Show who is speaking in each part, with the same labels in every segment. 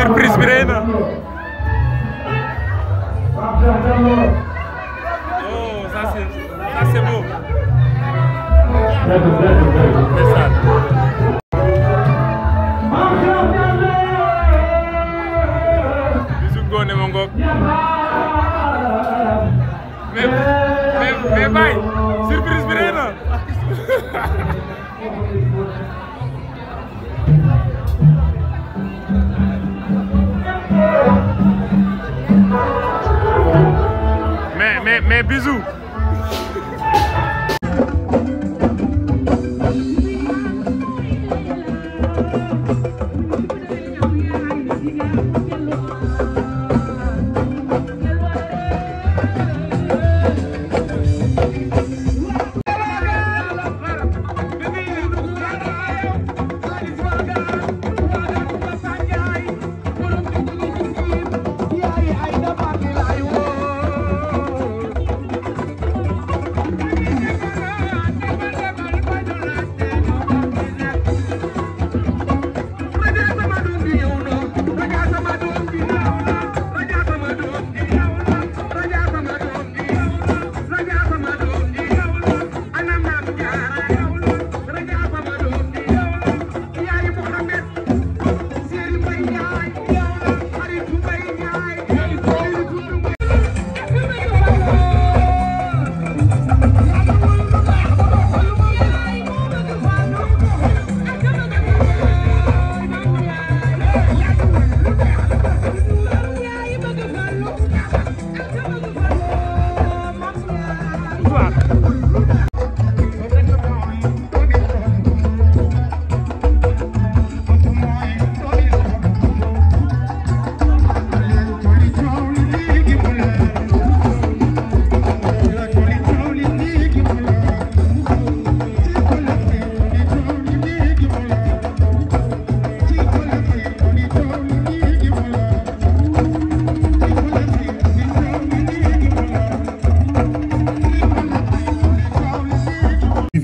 Speaker 1: surprise bi rëy na
Speaker 2: oh ça c'est ça c'est beau Bisu Ngoné ma ngoog mais mais mais Baye surprise bi rëy na mais mais bisous.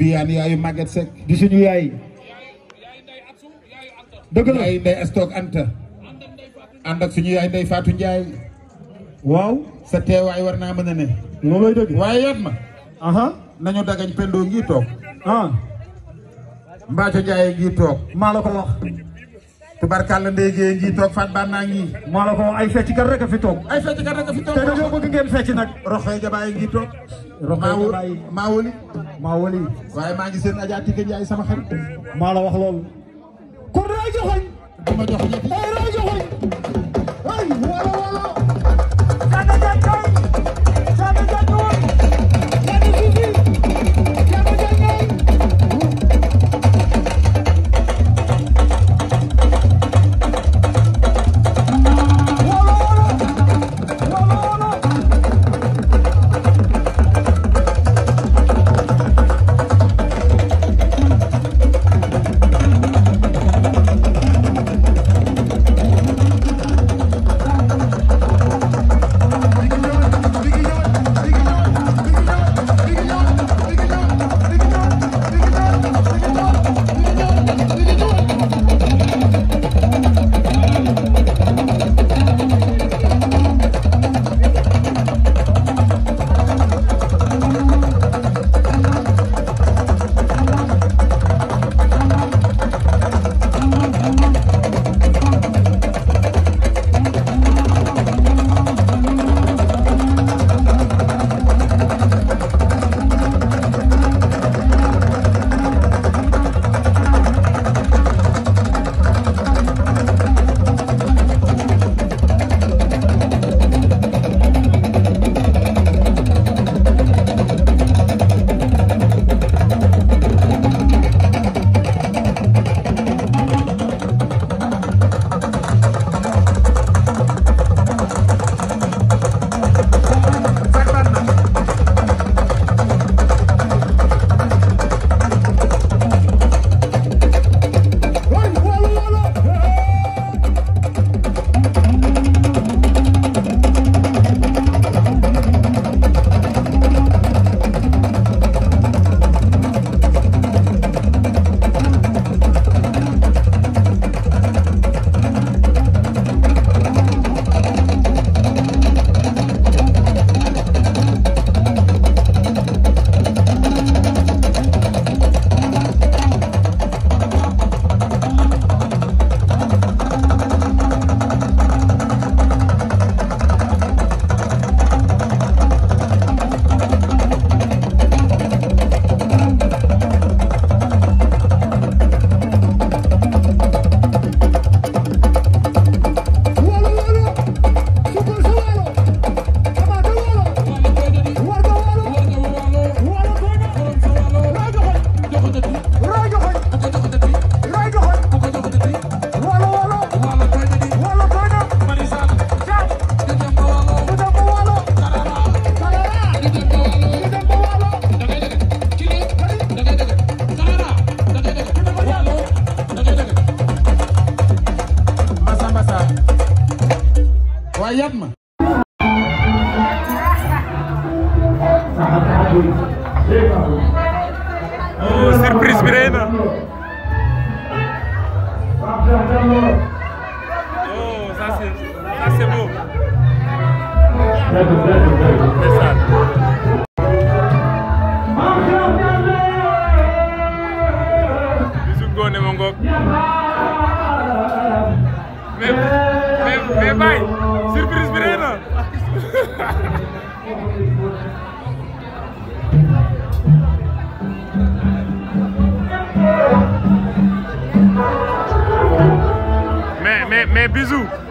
Speaker 2: di yaan yaayu Maguette Seck di suñu yaay dëgg la yaay Ndeye Anta ànd suñu yaay Ndeye Fatou Ndiaye waaw sa teewaay war naa mën a ne loolu lay dëgg waaye yat ma aha nañu dagañ pendoo ngi toog ah Mbaaco Ndiaye ngi toog maa la ko wax tubarkàlla ndéegee ngi toog Fatou Ba naa ngi maa ko ay fecc kat a fi toog ay fecc kat rek a fi toog te dañoo bëgg ngeen fecc nag roxee jabaay ngi toog Rokhaya maa wëli maa wëli waaye maa ngi seen Adja Tike Ndiaye sama xarit maa la wax loolu. kon rajo joxoñ. dama jox ñetti. waaye yaat ma oh, surprise bi rëy na oh ça c'est ça c'est beau surprise bi rëy na. mais mais mais bisous.